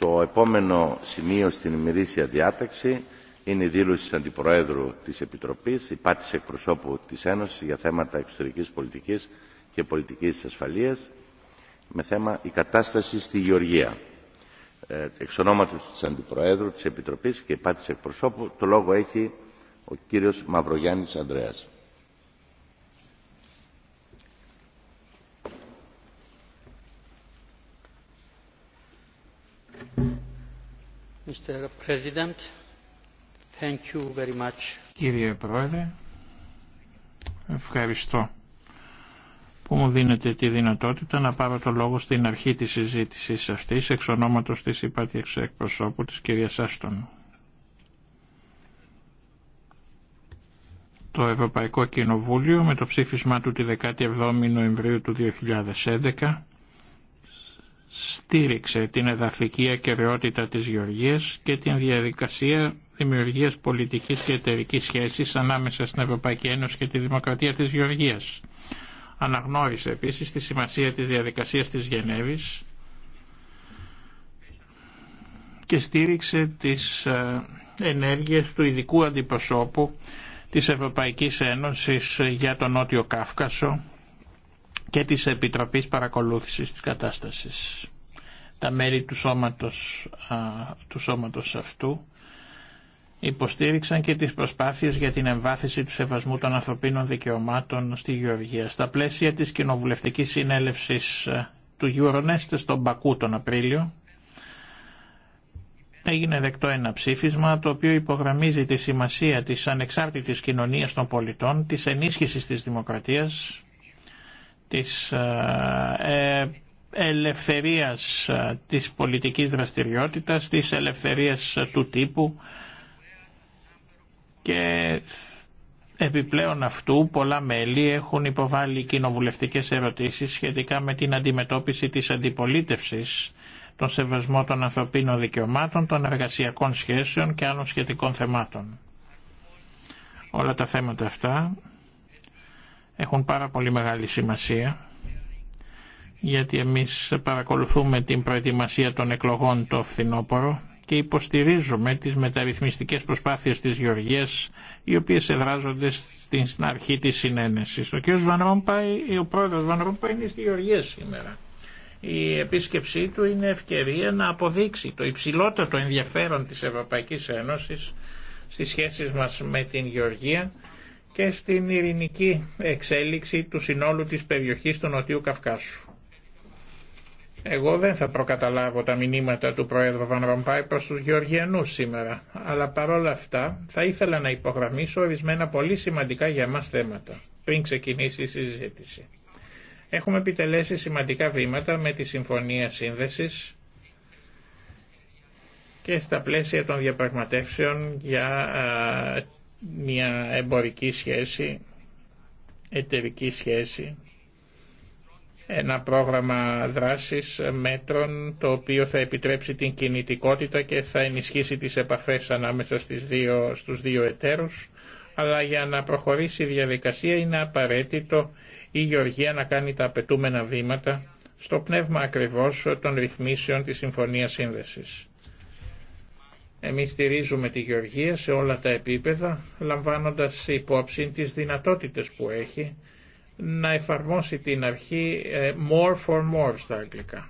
Το επόμενο σημείο στην ημερήσια διάταξη είναι η δήλωση της Αντιπροέδρου της Επιτροπής, υπάτηση εκπροσώπου της Ένωσης για θέματα εξωτερικής πολιτικής και πολιτικής ασφαλείας, με θέμα η κατάσταση στη Γεωργία. Ε, εξ ονόματος της Αντιπροέδρου της Επιτροπής και υπάτηση εκπροσώπου, το λόγο έχει ο κύριος Μαυρογιάννης Ανδρέας. Κύριε Πρόεδρε, ευχαριστώ που μου δίνετε τη δυνατότητα να πάρω το λόγο στην αρχή της συζήτησης αυτής εξ ονόματος της υπάρχης εκπροσώπου της κυρίας Άστον. Το Ευρωπαϊκό Κοινοβούλιο με το ψήφισμά του τη 17η Νοεμβρίου του 2011 στήριξε την εδαφική ακεραιότητα της Γεωργίας και την διαδικασία δημιουργίας πολιτικής και εταιρικής σχέσης ανάμεσα στην Ευρωπαϊκή Ένωση και τη Δημοκρατία της Γεωργίας. Αναγνώρισε επίσης τη σημασία της διαδικασίας της Γενέβης και στήριξε τις ε, ενέργειες του ειδικού αντιπροσώπου της Ευρωπαϊκής Ένωσης για τον Νότιο Κάφκασο και της Επιτροπής Παρακολούθησης της Κατάστασης. Τα μέλη του σώματος, του σώματος αυτού υποστήριξαν και τις προσπάθειες για την εμβάθυνση του σεβασμού των ανθρωπίνων δικαιωμάτων στη Γεωργία. Στα πλαίσια της κοινοβουλευτικής συνέλευσης του Euronest στον Μπακού τον Απρίλιο, έγινε δεκτό ένα ψήφισμα το οποίο υπογραμμίζει τη σημασία της ανεξάρτητης κοινωνίας των πολιτών, της ενίσχυσης της δημοκρατίας της ε, ε, ελευθερίας ε, της πολιτικής δραστηριότητας, της ελευθερίας του τύπου και επιπλέον αυτού πολλά μέλη έχουν υποβάλει κοινοβουλευτικές ερωτήσεις σχετικά με την αντιμετώπιση της αντιπολίτευσης, τον σεβασμό των ανθρωπίνων δικαιωμάτων, των εργασιακών σχέσεων και άλλων σχετικών θεμάτων. Όλα τα θέματα αυτά έχουν πάρα πολύ μεγάλη σημασία γιατί εμείς παρακολουθούμε την προετοιμασία των εκλογών το φθινόπωρο και υποστηρίζουμε τις μεταρρυθμιστικές προσπάθειες της Γεωργίας οι οποίες εδράζονται στην αρχή της συνένεσης. Ο κ. Ρομπάι ο πρόεδρος Ρομπάι είναι στη Γεωργία σήμερα. Η επίσκεψή του είναι ευκαιρία να αποδείξει το υψηλότερο ενδιαφέρον της Ευρωπαϊκής Ένωσης στις σχέσεις μας με την Γεωργία και στην ειρηνική εξέλιξη του συνόλου της περιοχής του Νοτιού Καυκάσου. Εγώ δεν θα προκαταλάβω τα μηνύματα του Προέδρου Βαν Ρομπάη προς τους Γεωργιανούς σήμερα, αλλά παρόλα αυτά θα ήθελα να υπογραμμίσω ορισμένα πολύ σημαντικά για μας θέματα, πριν ξεκινήσει η συζήτηση. Έχουμε επιτελέσει σημαντικά βήματα με τη Συμφωνία Σύνδεσης και στα πλαίσια των διαπραγματεύσεων για μια εμπορική σχέση, εταιρική σχέση, ένα πρόγραμμα δράσης μέτρων το οποίο θα επιτρέψει την κινητικότητα και θα ενισχύσει τις επαφές ανάμεσα στις δύο, στους δύο εταίρους αλλά για να προχωρήσει η διαδικασία είναι απαραίτητο η Γεωργία να κάνει τα απαιτούμενα βήματα στο πνεύμα ακριβώς των ρυθμίσεων της Συμφωνίας Σύνδεσης. Εμείς στηρίζουμε τη Γεωργία σε όλα τα επίπεδα, λαμβάνοντας υπόψη τις δυνατότητες που έχει να εφαρμόσει την αρχή ε, more for more στα αγγλικά.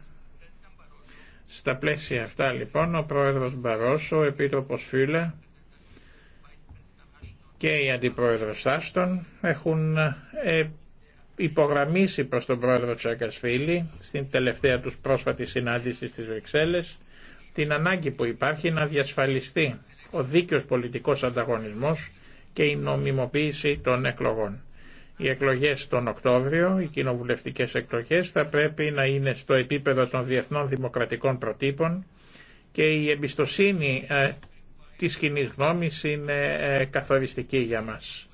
Στα πλαίσια αυτά λοιπόν ο πρόεδρος Μπαρόσο, ο επίτροπος Φίλε και η αντιπρόεδρος Άστον έχουν ε, υπογραμμίσει προς τον πρόεδρο Φίλη στην τελευταία τους πρόσφατη συνάντηση στις Βρυξέλλες την ανάγκη που υπάρχει να διασφαλιστεί ο δίκαιος πολιτικός ανταγωνισμός και η νομιμοποίηση των εκλογών. Οι εκλογές τον Οκτώβριο, οι κοινοβουλευτικές εκλογές θα πρέπει να είναι στο επίπεδο των διεθνών δημοκρατικών προτύπων και η εμπιστοσύνη ε, της κοινή γνώμης είναι ε, καθοριστική για μας.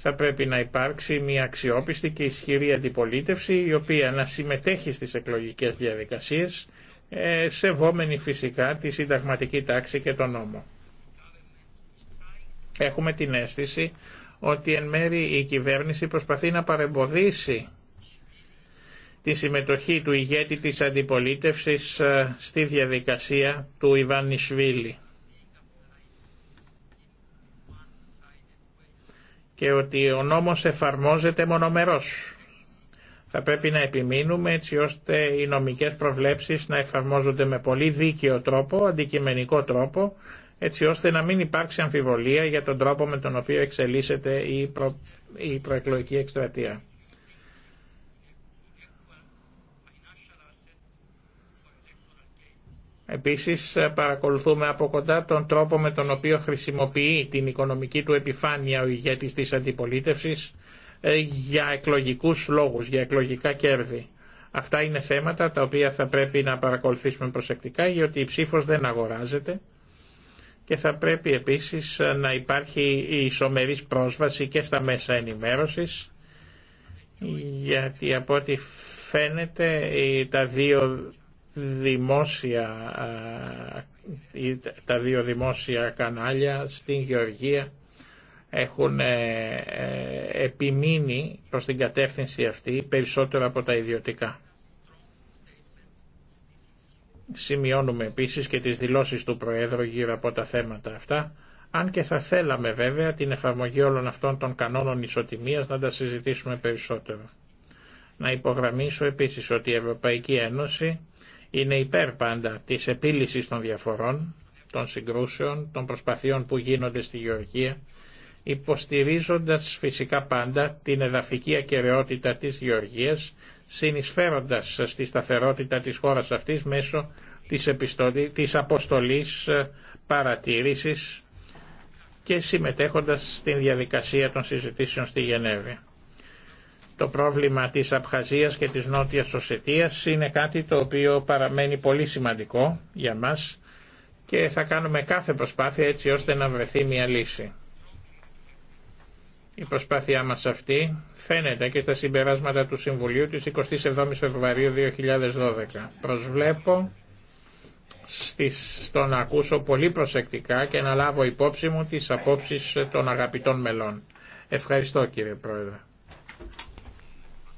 Θα πρέπει να υπάρξει μια αξιόπιστη και ισχυρή αντιπολίτευση η οποία να συμμετέχει στις εκλογικές διαδικασίες ε, σεβόμενοι φυσικά τη συνταγματική τάξη και τον νόμο. Έχουμε την αίσθηση ότι εν μέρει η κυβέρνηση προσπαθεί να παρεμποδίσει τη συμμετοχή του ηγέτη της αντιπολίτευσης ε, στη διαδικασία του Ιβάν Νισβίλη. Και ότι ο νόμος εφαρμόζεται μονομερός θα πρέπει να επιμείνουμε έτσι ώστε οι νομικές προβλέψεις να εφαρμόζονται με πολύ δίκαιο τρόπο, αντικειμενικό τρόπο, έτσι ώστε να μην υπάρξει αμφιβολία για τον τρόπο με τον οποίο εξελίσσεται η, η προεκλογική εκστρατεία. Επίσης παρακολουθούμε από κοντά τον τρόπο με τον οποίο χρησιμοποιεί την οικονομική του επιφάνεια ο ηγέτης της αντιπολίτευσης ε, για εκλογικούς λόγους, για εκλογικά κέρδη. Αυτά είναι θέματα τα οποία θα πρέπει να παρακολουθήσουμε προσεκτικά γιατί η ψήφος δεν αγοράζεται και θα πρέπει επίσης να υπάρχει η ισομερής πρόσβαση και στα μέσα ενημέρωσης γιατί από ό,τι φαίνεται τα δύο δημόσια, τα δύο δημόσια κανάλια στην Γεωργία έχουν ε, ε, επιμείνει προς την κατεύθυνση αυτή περισσότερο από τα ιδιωτικά. Σημειώνουμε επίσης και τις δηλώσεις του Προέδρου γύρω από τα θέματα αυτά, αν και θα θέλαμε βέβαια την εφαρμογή όλων αυτών των κανόνων ισοτιμίας να τα συζητήσουμε περισσότερο. Να υπογραμμίσω επίσης ότι η Ευρωπαϊκή Ένωση είναι υπέρ πάντα της επίλυσης των διαφορών, των συγκρούσεων, των προσπαθειών που γίνονται στη Γεωργία υποστηρίζοντας φυσικά πάντα την εδαφική ακεραιότητα της Γεωργίας, συνεισφέροντας στη σταθερότητα της χώρας αυτής μέσω της, επιστολή, της αποστολής ε, παρατήρησης και συμμετέχοντας στην διαδικασία των συζητήσεων στη Γενέβη. Το πρόβλημα της Απχαζίας και της Νότιας Οσετίας είναι κάτι το οποίο παραμένει πολύ σημαντικό για μας και θα κάνουμε κάθε προσπάθεια έτσι ώστε να βρεθεί μια λύση. Η προσπάθειά μας αυτή φαίνεται και στα συμπεράσματα του Συμβουλίου της 27 Φεβρουαρίου 2012. Προσβλέπω στις, στο να ακούσω πολύ προσεκτικά και να λάβω υπόψη μου τις απόψεις των αγαπητών μελών. Ευχαριστώ κύριε Πρόεδρε.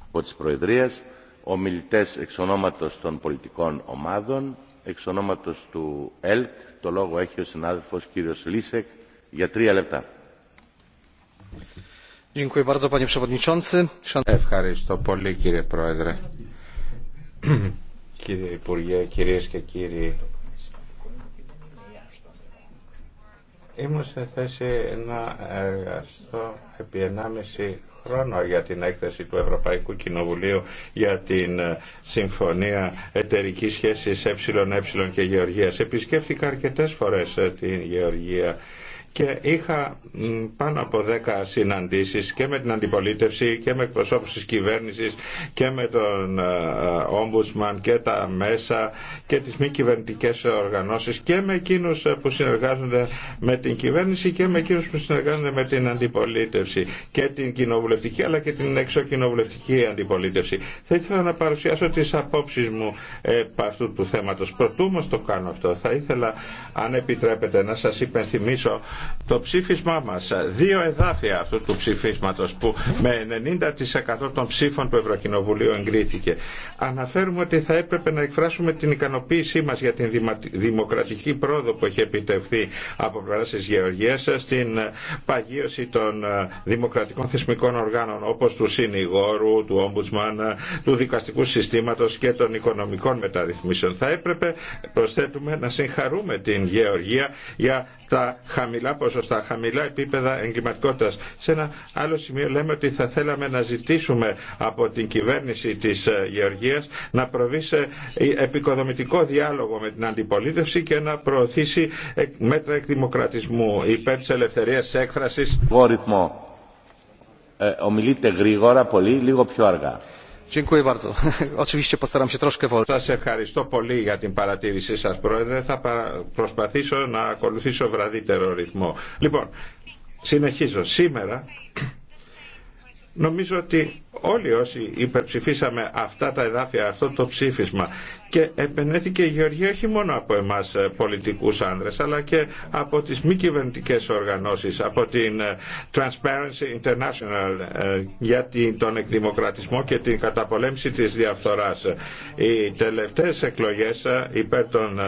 Από της Προεδρίας, ομιλητές εξ ονόματος των πολιτικών ομάδων, εξ του ΕΛΚ, το λόγο έχει ο συνάδελφος κύριος Λίσεκ για τρία λεπτά. Ευχαριστώ πολύ κύριε Πρόεδρε. Κύριε Υπουργέ, κυρίες και κύριοι. Είμαι σε θέση να εργαστώ επί 1,5 χρόνο για την έκθεση του Ευρωπαϊκού Κοινοβουλίου για την ε, Συμφωνία Εταιρική Σχέση ΕΕ και Γεωργίας. Επισκέφθηκα αρκετές φορές ε, την Γεωργία και είχα πάνω από 10 συναντήσεις και με την αντιπολίτευση και με εκπροσώπους της κυβέρνησης και με τον Ομπουσμαν ε, ε, και τα μέσα και τις μη κυβερνητικέ οργανώσεις και με εκείνους ε, που συνεργάζονται με την κυβέρνηση και με εκείνους που συνεργάζονται με την αντιπολίτευση και την κοινοβουλευτική αλλά και την εξωκοινοβουλευτική αντιπολίτευση. Θα ήθελα να παρουσιάσω τις απόψεις μου επ' αυτού του θέματος. Προτού το κάνω αυτό θα ήθελα αν επιτρέπετε να σας υπενθυμίσω το ψήφισμά μας, δύο εδάφια αυτού του ψηφίσματος που με 90% των ψήφων του Ευρωκοινοβουλίου εγκρίθηκε. Αναφέρουμε ότι θα έπρεπε να εκφράσουμε την ικανοποίησή μας για την δημοκρατική πρόοδο που έχει επιτευχθεί από πλευρά της Γεωργίας στην παγίωση των ε, δημοκρατικών θεσμικών οργάνων όπως του συνηγόρου, του ομπουτσμάν, ε, του δικαστικού συστήματος και των οικονομικών μεταρρυθμίσεων. Θα έπρεπε, προσθέτουμε, να συγχαρούμε την Γεωργία για τα χαμηλά ποσοστά, χαμηλά επίπεδα εγκληματικότητα. Σε ένα άλλο σημείο λέμε ότι θα θέλαμε να ζητήσουμε από την κυβέρνηση της ε, Γεωργίας να προβεί σε ε, επικοδομητικό διάλογο με την αντιπολίτευση και να προωθήσει ε, μέτρα εκδημοκρατισμού υπέρ τη ελευθερία έκφραση. έκφρασης. ομιλείτε γρήγορα πολύ, λίγο πιο αργά. Σας ευχαριστώ πολύ για την παρατήρησή σας, Πρόεδρε. Θα προσπαθήσω να ακολουθήσω βραδύτερο ρυθμό. Λοιπόν, συνεχίζω. Σήμερα νομίζω ότι όλοι όσοι υπερψηφίσαμε αυτά τα εδάφια, αυτό το ψήφισμα και επενέθηκε η Γεωργία όχι μόνο από εμάς ε, πολιτικούς άνδρες αλλά και από τις μη κυβερνητικέ οργανώσεις, από την ε, Transparency International ε, για τον εκδημοκρατισμό και την καταπολέμηση της διαφθοράς. Οι τελευταίες εκλογές υπέρ των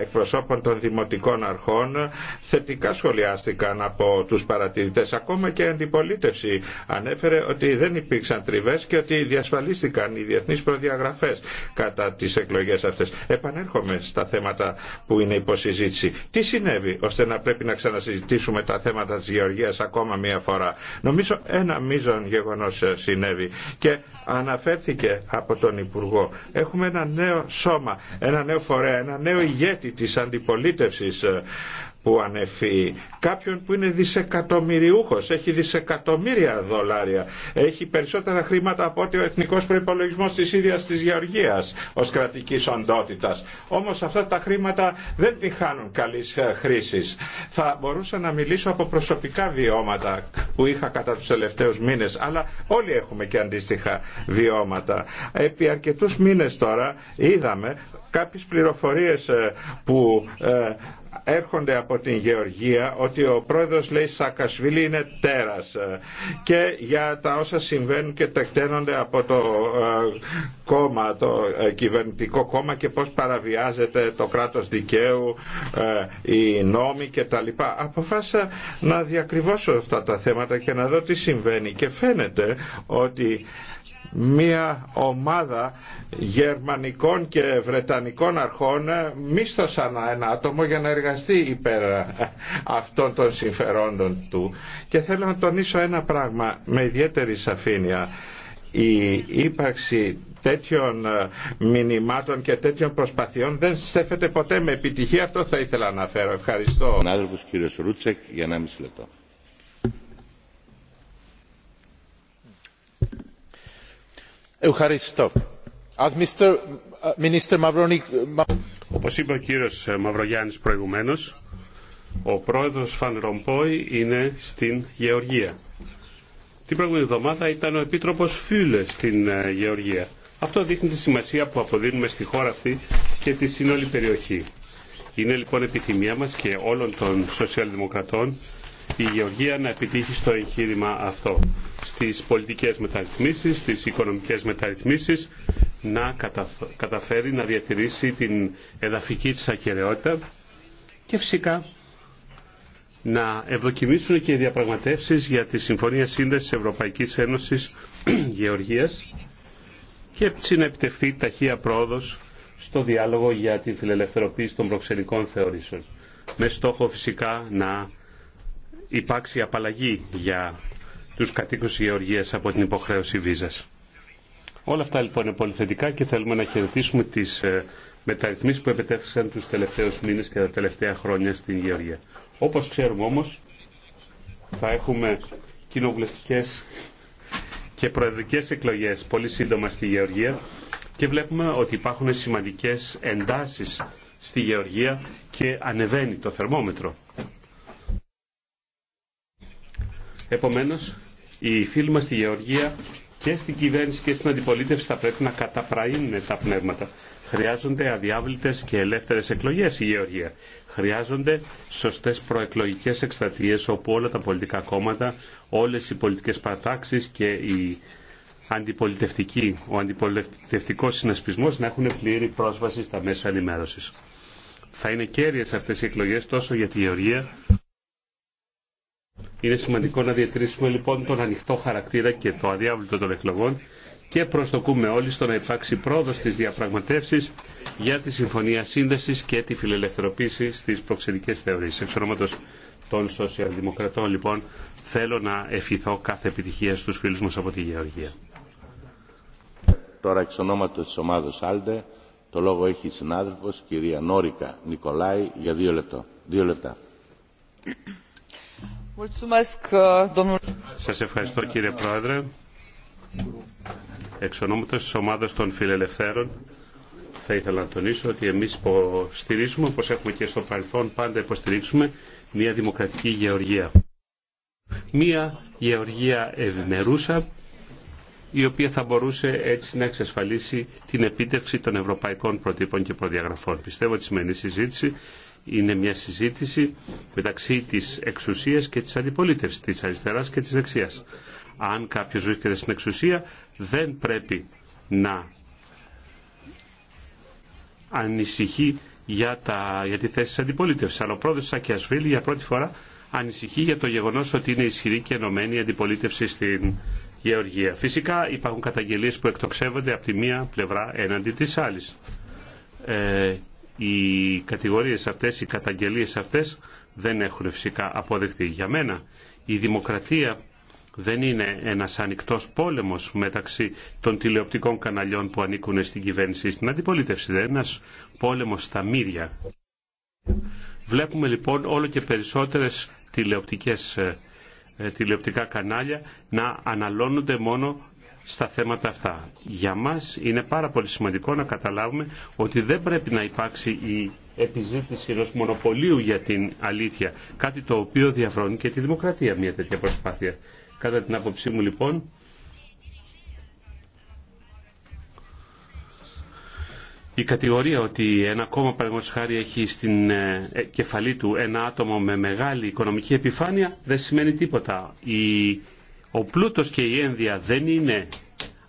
εκπροσώπων των δημοτικών αρχών θετικά σχολιάστηκαν από τους παρατηρητές. Ακόμα και αντιπολίτευση ανέφερε ότι δεν υπήρχε υπήρξαν και ότι διασφαλίστηκαν οι διεθνείς προδιαγραφές κατά τις εκλογές αυτές. Επανέρχομαι στα θέματα που είναι υποσυζήτηση. Τι συνέβη ώστε να πρέπει να ξανασυζητήσουμε τα θέματα της Γεωργίας ακόμα μία φορά. Νομίζω ένα μείζον γεγονό ε, συνέβη και αναφέρθηκε από τον Υπουργό. Έχουμε ένα νέο σώμα, ένα νέο φορέα, ένα νέο ηγέτη της αντιπολίτευσης ε, που ανεφεί, κάποιον που είναι δισεκατομμυριούχος, έχει δισεκατομμύρια δολάρια, έχει περισσότερα χρήματα από ότι ο εθνικός προϋπολογισμός της ίδιας της Γεωργίας ως κρατικής οντότητας. Όμως αυτά τα χρήματα δεν τη χάνουν καλής ε, χρήσης. Θα μπορούσα να μιλήσω από προσωπικά βιώματα που είχα κατά τους τελευταίους μήνες, αλλά όλοι έχουμε και αντίστοιχα βιώματα. Επί αρκετούς μήνες τώρα είδαμε κάποιες πληροφορίες ε, που ε, έρχονται από την Γεωργία ότι ο πρόεδρος λέει Σακασβίλη είναι τέρας και για τα όσα συμβαίνουν και τεκταίνονται από το ε, κόμμα, το ε, κυβερνητικό κόμμα και πώς παραβιάζεται το κράτος δικαίου, ε, οι νόμοι κτλ. Αποφάσισα να διακριβώσω αυτά τα θέματα και να δω τι συμβαίνει και φαίνεται ότι μια ομάδα γερμανικών και βρετανικών αρχών μίσθωσαν ένα άτομο για να εργαστεί υπέρ αυτών των συμφερόντων του. Και θέλω να τονίσω ένα πράγμα με ιδιαίτερη σαφήνεια. Η ύπαρξη τέτοιων ε, μηνυμάτων και τέτοιων προσπαθειών δεν στέφεται ποτέ με επιτυχία. Αυτό θα ήθελα να αναφέρω. Ευχαριστώ. Ρούτσεκ για λεπτό. Ευχαριστώ. Όπως είπε ο κύριος Μαυρογιάννης προηγουμένως, ο πρόεδρος Φαν Ρομπόι είναι στην Γεωργία. Την προηγούμενη εβδομάδα ήταν ο επίτροπος Φιούλε στην ε, Γεωργία. Αυτό δείχνει τη σημασία που αποδίνουμε στη χώρα αυτή και τη συνόλη περιοχή. Είναι λοιπόν επιθυμία μας και όλων των σοσιαλδημοκρατών η Γεωργία να επιτύχει στο εγχείρημα αυτό στις πολιτικές μεταρρυθμίσεις, στις οικονομικές μεταρρυθμίσεις, να καταφέρει να διατηρήσει την εδαφική της ακαιρεότητα και φυσικά να ευδοκιμήσουν και οι διαπραγματεύσεις για τη Συμφωνία Σύνδεσης Ευρωπαϊκής Ένωσης Γεωργίας και έτσι να επιτευχθεί ταχεία πρόοδος στο διάλογο για την φιλελευθεροποίηση των προξενικών θεωρήσεων. Με στόχο φυσικά να υπάρξει απαλλαγή για τους κατοίκους Γεωργίας από την υποχρέωση βίζας. Όλα αυτά λοιπόν είναι πολύ θετικά και θέλουμε να χαιρετήσουμε τις ε, μεταρρυθμίσεις που επετέφθησαν τους τελευταίους μήνες και τα τελευταία χρόνια στην Γεωργία. Όπως ξέρουμε όμως θα έχουμε κοινοβουλευτικές και προεδρικές εκλογές πολύ σύντομα στη Γεωργία και βλέπουμε ότι υπάρχουν σημαντικές εντάσεις στη Γεωργία και ανεβαίνει το θερμόμετρο. Επομένως, οι φίλοι μας στη Γεωργία και στην κυβέρνηση και στην αντιπολίτευση θα πρέπει να καταπραίνουν τα πνεύματα. Χρειάζονται αδιάβλητες και ελεύθερες εκλογές η Γεωργία. Χρειάζονται σωστές προεκλογικές εκστρατείες όπου όλα τα πολιτικά κόμματα, όλες οι πολιτικές παρατάξεις και η αντιπολιτευτική, ο αντιπολιτευτικός συνασπισμός να έχουν πλήρη πρόσβαση στα μέσα ενημέρωσης. Θα είναι κέρυες αυτές οι εκλογές τόσο για τη Γεωργία είναι σημαντικό να διατηρήσουμε λοιπόν τον ανοιχτό χαρακτήρα και το αδιάβλητο των εκλογών και προσδοκούμε όλοι στο να υπάρξει πρόοδο στις διαπραγματεύσεις για τη Συμφωνία σύνδεση και τη φιλελευθερωποίηση στι προξενικές θεωρίε. Εξ ονόματο των Σοσιαλδημοκρατών λοιπόν θέλω να ευχηθώ κάθε επιτυχία στου φίλου μας από τη Γεωργία. Τώρα εξ ονόματο της ομάδος Άλντε το λόγο έχει η συνάδελφο κυρία Νόρικα Νικολάη για δύο, λεπτό. δύο λεπτά. Uh, Σας ευχαριστώ κύριε Πρόεδρε. Εξ ονόματος της ομάδας των φιλελευθέρων θα ήθελα να τονίσω ότι εμείς υποστηρίζουμε, όπως έχουμε και στο παρελθόν πάντα υποστηρίξουμε, μια δημοκρατική γεωργία. Μια γεωργία ευημερούσα η οποία θα μπορούσε έτσι να εξασφαλίσει την επίτευξη των ευρωπαϊκών προτύπων και προδιαγραφών. Πιστεύω ότι σημαίνει συζήτηση είναι μια συζήτηση μεταξύ της εξουσίας και της αντιπολίτευσης, της αριστεράς και της δεξιάς. Αν κάποιος βρίσκεται στην εξουσία δεν πρέπει να ανησυχεί για, τα, για τη θέση της αντιπολίτευσης. Αλλά ο πρόεδρος Σακιασβίλη για πρώτη φορά ανησυχεί για το γεγονός ότι είναι ισχυρή και ενωμένη η αντιπολίτευση στην Γεωργία. Φυσικά υπάρχουν καταγγελίες που εκτοξεύονται από τη μία πλευρά έναντι της άλλης. Ε, οι κατηγορίες αυτές, οι καταγγελίες αυτές δεν έχουν φυσικά αποδεχτεί. Για μένα η δημοκρατία δεν είναι ένας ανοιχτός πόλεμος μεταξύ των τηλεοπτικών καναλιών που ανήκουν στην κυβέρνηση στην αντιπολίτευση. Δεν είναι ένας πόλεμος στα μύρια. Βλέπουμε λοιπόν όλο και περισσότερες τηλεοπτικές ε, ε, τηλεοπτικά κανάλια να αναλώνονται μόνο στα θέματα αυτά. Για μας είναι πάρα πολύ σημαντικό να καταλάβουμε ότι δεν πρέπει να υπάρξει η επιζήτηση ενός μονοπωλίου για την αλήθεια, κάτι το οποίο διαφρώνει και τη δημοκρατία μια τέτοια προσπάθεια. Κατά την άποψή μου λοιπόν, η κατηγορία ότι ένα κόμμα παραδείγματος έχει στην ε, ε, κεφαλή του ένα άτομο με μεγάλη οικονομική επιφάνεια δεν σημαίνει τίποτα ο πλούτος και η ένδια δεν είναι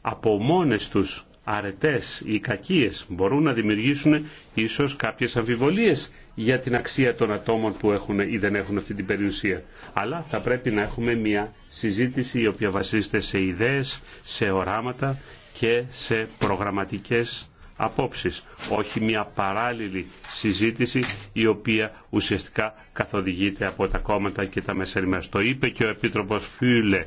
από μόνες τους αρετές ή κακίες μπορούν να δημιουργήσουν ίσως κάποιες αμφιβολίες για την αξία των ατόμων που έχουν ή δεν έχουν αυτή την περιουσία. Αλλά θα πρέπει να έχουμε μια συζήτηση η οποία βασίζεται σε ιδέες, σε οράματα και σε προγραμματικές απόψεις, όχι μια παράλληλη συζήτηση η οποία ουσιαστικά καθοδηγείται από τα κόμματα και τα μεσαριμένες. Το είπε και ο Επίτροπος Φιούλε.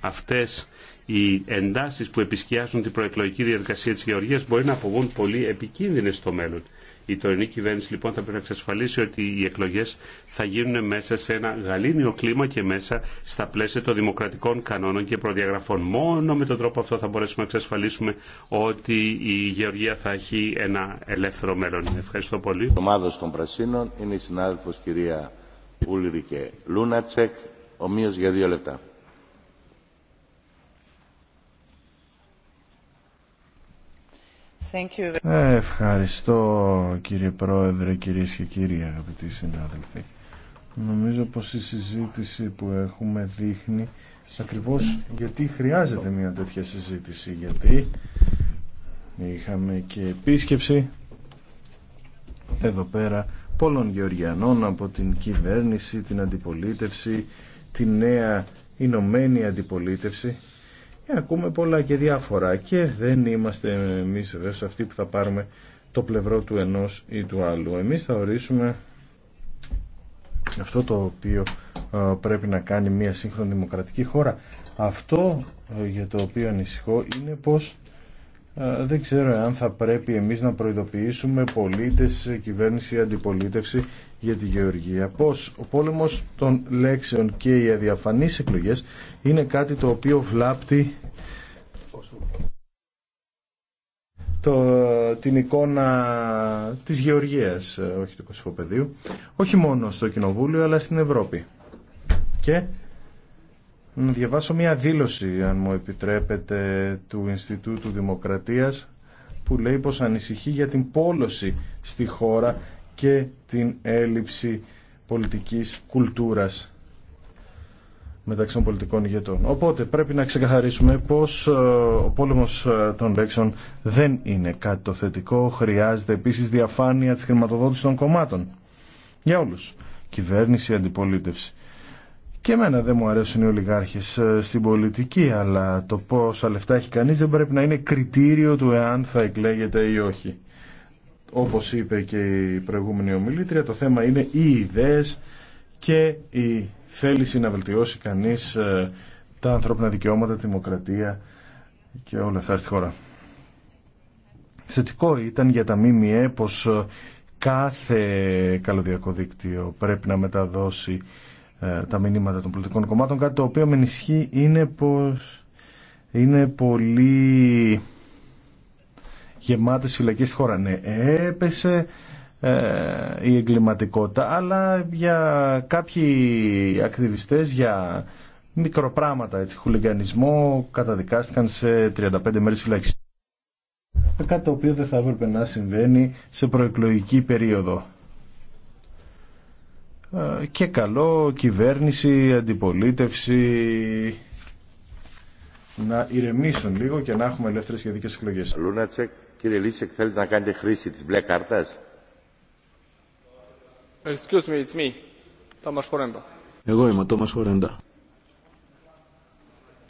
Αυτές οι εντάσεις που επισκιάζουν την προεκλογική διαδικασία της Γεωργίας μπορεί να αποβούν πολύ επικίνδυνες στο μέλλον. Η τωρινή κυβέρνηση λοιπόν θα πρέπει να εξασφαλίσει ότι οι εκλογέ θα γίνουν μέσα σε ένα γαλήνιο κλίμα και μέσα στα πλαίσια των δημοκρατικών κανόνων και προδιαγραφών. Μόνο με τον τρόπο αυτό θα μπορέσουμε να εξασφαλίσουμε ότι η Γεωργία θα έχει ένα ελεύθερο μέλλον. Ευχαριστώ πολύ. ομάδα των Πρασίνων είναι η συνάδελφος κυρία Ούλρικε Λούνατσεκ, ομοίω για δύο λεπτά. Ε, ευχαριστώ κύριε Πρόεδρε, κυρίες και κύριοι αγαπητοί συνάδελφοι. Νομίζω πως η συζήτηση που έχουμε δείχνει ακριβώς γιατί χρειάζεται μια τέτοια συζήτηση. Γιατί είχαμε και επίσκεψη εδώ πέρα πολλών Γεωργιανών από την κυβέρνηση, την αντιπολίτευση, τη νέα Ηνωμένη Αντιπολίτευση ε, ακούμε πολλά και διάφορα και δεν είμαστε εμείς βέβαια αυτοί που θα πάρουμε το πλευρό του ενός ή του άλλου. Εμείς θα ορίσουμε αυτό το οποίο ε, πρέπει να κάνει μια σύγχρονη δημοκρατική χώρα. Αυτό ε, για το οποίο ανησυχώ είναι πως ε, δεν ξέρω αν θα πρέπει εμείς να προειδοποιήσουμε πολίτες, κυβέρνηση αντιπολίτευση για τη Γεωργία. Πώς ο πόλεμος των λέξεων και οι αδιαφανείς εκλογές είναι κάτι το οποίο βλάπτει το, την εικόνα της Γεωργίας, όχι του Κωσυφοπεδίου, όχι μόνο στο Κοινοβούλιο αλλά στην Ευρώπη. Και να διαβάσω μια δήλωση, αν μου επιτρέπετε, του Ινστιτούτου Δημοκρατίας που λέει πως ανησυχεί για την πόλωση στη χώρα και την έλλειψη πολιτικής κουλτούρας μεταξύ των πολιτικών ηγετών. Οπότε πρέπει να ξεκαθαρίσουμε πως ε, ο πόλεμος ε, των λέξεων δεν είναι κάτι το θετικό. Χρειάζεται επίσης διαφάνεια της χρηματοδότησης των κομμάτων. Για όλους. Κυβέρνηση, αντιπολίτευση. Και εμένα δεν μου αρέσουν οι ολιγάρχες ε, στην πολιτική, αλλά το πόσα λεφτά έχει κανείς δεν πρέπει να είναι κριτήριο του εάν θα εκλέγεται ή όχι. Όπως είπε και η προηγούμενη ομιλήτρια, το θέμα είναι οι ιδέες και η θέληση να βελτιώσει κανείς ε, τα ανθρώπινα δικαιώματα, τη δημοκρατία και όλα αυτά στη χώρα. Θετικό ήταν για τα ΜΜΕ πως ε, κάθε καλωδιακό δίκτυο πρέπει να μεταδώσει ε, τα μηνύματα των πολιτικών κομμάτων. Κάτι το οποίο με ενισχύει είναι πως είναι πολύ γεμάτες φυλακές στη χώρα. Ναι, έπεσε ε, η εγκληματικότητα, αλλά για κάποιοι ακτιβιστές, για μικροπράγματα, έτσι, χουλιγανισμό, καταδικάστηκαν σε 35 μέρες φυλακής. Κάτι το οποίο δεν θα έπρεπε να συμβαίνει σε προεκλογική περίοδο. Ε, και καλό κυβέρνηση, αντιπολίτευση να ηρεμήσουν λίγο και να έχουμε ελεύθερες και δίκες εκλογές. Λούνατσεκ, κύριε Λίσεκ, θέλεις να κάνετε χρήση της μπλε κάρτας. Excuse me, it's me. Τόμας Χορέντα. Εγώ είμαι ο Τόμας Χορέντα.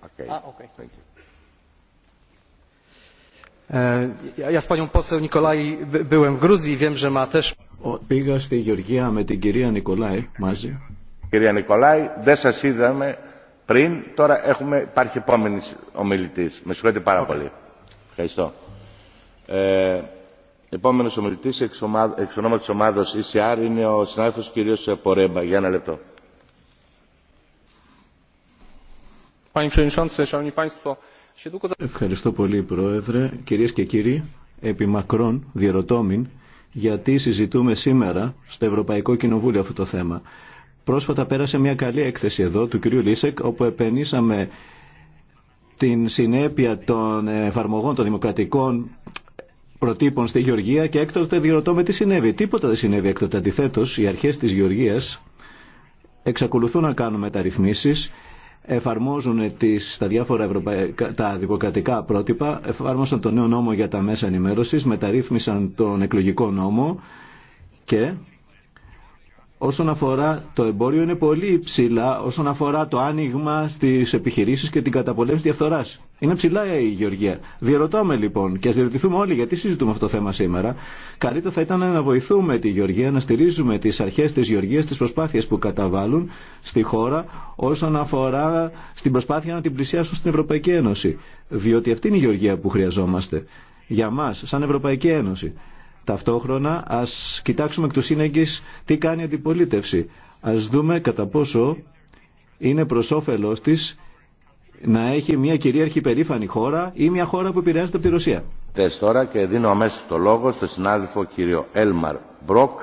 Okay. Ah, okay. Thank you. Ε, Πήγα στη Γεωργία με την κυρία Νικολάη μαζί. Κυρία Νικολάη, δεν σας είδαμε πριν, τώρα έχουμε, υπάρχει επόμενη ομιλητής. Με συγχωρείτε πάρα πολύ. Ευχαριστώ. Ε, επόμενος ομιλητής εξ, ονόματο ECR είναι ο συνάδελφο κυρίως Πορέμπα. Για ένα λεπτό. Panie Przewodniczący, Ευχαριστώ πολύ Πρόεδρε. Κυρίες και κύριοι, επί μακρόν διερωτώμην γιατί συζητούμε σήμερα στο Ευρωπαϊκό Κοινοβούλιο αυτό το θέμα. Πρόσφατα πέρασε μια καλή έκθεση εδώ του κυρίου Λίσεκ όπου επενήσαμε την συνέπεια των εφαρμογών των δημοκρατικών προτύπων στη Γεωργία και έκτοτε διερωτώμε τι συνέβη. Τίποτα δεν συνέβη έκτοτε. Αντιθέτω, οι αρχέ τη Γεωργία εξακολουθούν να κάνουν μεταρρυθμίσει εφαρμόζουν τις, τα διάφορα ευρωπαϊκά, τα δημοκρατικά πρότυπα, εφαρμόσαν το νέο νόμο για τα μέσα ενημέρωσης, μεταρρύθμισαν τον εκλογικό νόμο και όσον αφορά το εμπόριο είναι πολύ υψηλά όσον αφορά το άνοιγμα στις επιχειρήσεις και την καταπολέμηση διαφθοράς. Είναι ψηλά η Γεωργία. Διερωτώμε λοιπόν και ας διερωτηθούμε όλοι γιατί συζητούμε αυτό το θέμα σήμερα. Καλύτερα θα ήταν να βοηθούμε τη Γεωργία, να στηρίζουμε τις αρχές της Γεωργίας, τις προσπάθειες που καταβάλουν στη χώρα όσον αφορά στην προσπάθεια να την πλησιάσουν στην Ευρωπαϊκή Ένωση. Διότι αυτή είναι η Γεωργία που χρειαζόμαστε για μας σαν Ευρωπαϊκή Ένωση. Ταυτόχρονα ας κοιτάξουμε εκ του σύνεγγυς τι κάνει η αντιπολίτευση. Ας δούμε κατά πόσο είναι προς όφελός της να έχει μια κυρίαρχη περήφανη χώρα ή μια χώρα που επηρεάζεται από τη Ρωσία. Τώρα και δίνω αμέσως το λόγο στο συνάδελφο κύριο Έλμαρ Μπροκ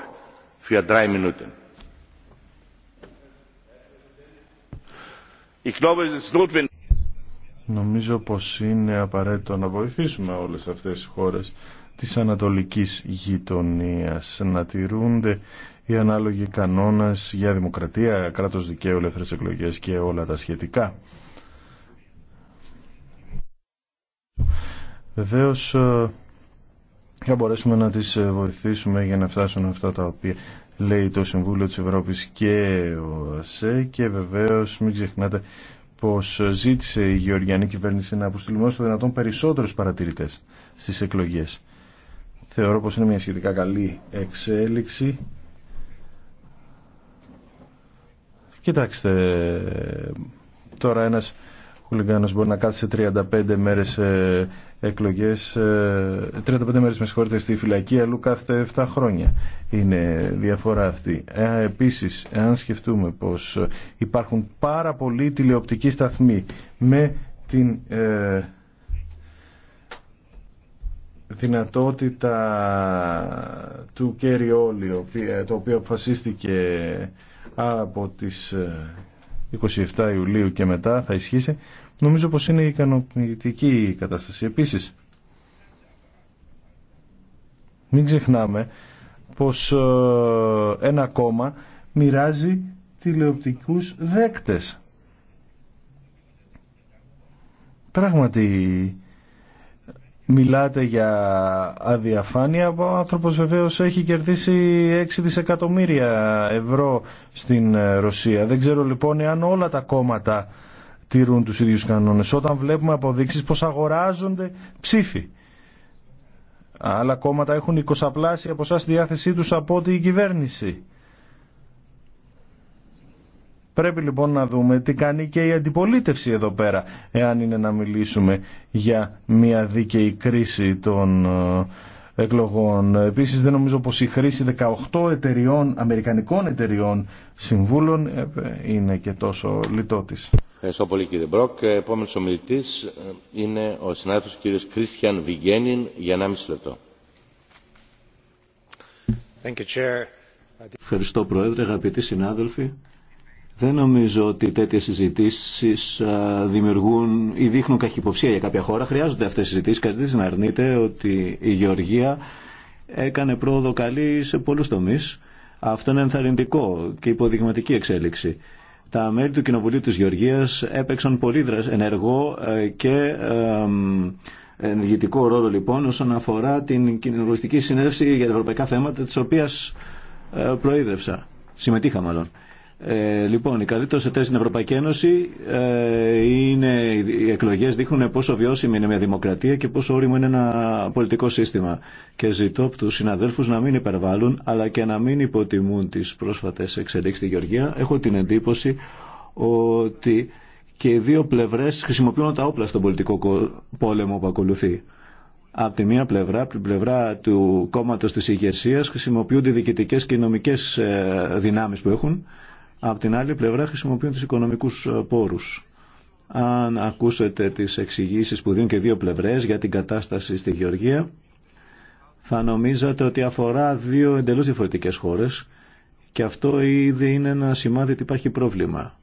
Νομίζω πως είναι απαραίτητο να βοηθήσουμε όλες αυτές τις χώρες της ανατολικής γειτονίας. Να τηρούνται οι ανάλογοι κανόνες για δημοκρατία, κράτος δικαίου, ελεύθερες εκλογές και όλα τα σχετικά. Βεβαίως ε, θα μπορέσουμε να τις ε, βοηθήσουμε για να φτάσουν αυτά τα οποία λέει το Συμβούλιο της Ευρώπης και ο ΑΣΕ και βεβαίως μην ξεχνάτε πως ζήτησε η γεωργιανή κυβέρνηση να αποστηλουμε όσο δυνατόν περισσότερους παρατηρητές στις εκλογές. Θεωρώ πως είναι μια σχετικά καλή εξέλιξη. Κοιτάξτε, τώρα ένας χουλιγκάνος μπορεί να κάτσει 35 μέρες ε, εκλογές, 35 ε, μέρες με συγχωρείτε στη φυλακή, αλλού κάθε 7 χρόνια είναι διαφορά αυτή. Ε, επίσης, εάν σκεφτούμε πως υπάρχουν πάρα πολλοί τηλεοπτικοί σταθμοί με την ε, δυνατότητα του Κέρι το οποίο αποφασίστηκε από τις 27 ε, Ιουλίου και μετά θα ισχύσει, νομίζω πως είναι ικανοποιητική η κατάσταση. Επίσης, μην ξεχνάμε πως ε, ένα κόμμα μοιράζει τηλεοπτικούς δέκτες. Πράγματι, Μιλάτε για αδιαφάνεια. Ο άνθρωπος βεβαίως έχει κερδίσει 6 δισεκατομμύρια ευρώ στην ε, Ρωσία. Δεν ξέρω λοιπόν εάν όλα τα κόμματα τηρούν τους ίδιους κανόνες. Όταν βλέπουμε αποδείξεις πως αγοράζονται ψήφοι. Άλλα κόμματα έχουν 20 πλάσια από εσά στη διάθεσή τους από ό,τι κυβέρνηση. Πρέπει λοιπόν να δούμε τι κάνει και η αντιπολίτευση εδώ πέρα, εάν είναι να μιλήσουμε για μια δίκαιη κρίση των ε, εκλογών. Επίσης δεν νομίζω πως η χρήση 18 εταιριών, αμερικανικών εταιριών συμβούλων ε, είναι και τόσο λιτότης. Ευχαριστώ πολύ κύριε Μπρόκ. Ε, επόμενος ομιλητής είναι ο συνάδελφος κύριος Κρίστιαν Βιγγένιν για 1,5 λεπτό. Ευχαριστώ Πρόεδρε, αγαπητοί συνάδελφοι. Δεν νομίζω ότι τέτοιες συζητήσεις δημιουργούν ή δείχνουν τέτοιε συζητήσει Κανείς να αρνείται ότι η Γεωργία χρειαζονται αυτέ τις συζητησει κανεις να αρνειτε οτι η καλή σε πολλού τομεί. Αυτό είναι ενθαρρυντικό και υποδειγματική εξέλιξη. Τα μέλη του Κοινοβουλίου της Γεωργίας έπαιξαν πολύ ενεργό ε, και ενεργητικό ρόλο λοιπόν όσον αφορά την κοινοβουλευτική συνέλευση για τα ευρωπαϊκά θέματα τη οποία ε, προείδρευσα. Συμμετείχα μάλλον. Ε, λοιπόν, οι καλύτερε εταιρείε στην Ευρωπαϊκή Ένωση ε, είναι, οι εκλογέ δείχνουν πόσο βιώσιμη είναι μια δημοκρατία και πόσο όριμο είναι ένα πολιτικό σύστημα. Και ζητώ από του συναδέλφου να μην υπερβάλλουν, αλλά και να μην υποτιμούν τι πρόσφατε εξελίξει στη Γεωργία. Έχω την εντύπωση ότι και οι δύο πλευρέ χρησιμοποιούν τα όπλα στον πολιτικό πόλεμο που ακολουθεί. Από τη μία πλευρά, από την πλευρά του κόμματο τη ηγεσία, χρησιμοποιούνται οι διοικητικέ και νομικέ ε, δυνάμει που έχουν Απ' την άλλη πλευρά χρησιμοποιούν τους οικονομικούς ε, πόρους. Αν ακούσετε τις εξηγήσεις που δίνουν και δύο πλευρές για την κατάσταση στη Γεωργία, θα νομίζατε ότι αφορά δύο εντελώς διαφορετικές χώρες και αυτό ήδη είναι ένα σημάδι ότι υπάρχει πρόβλημα.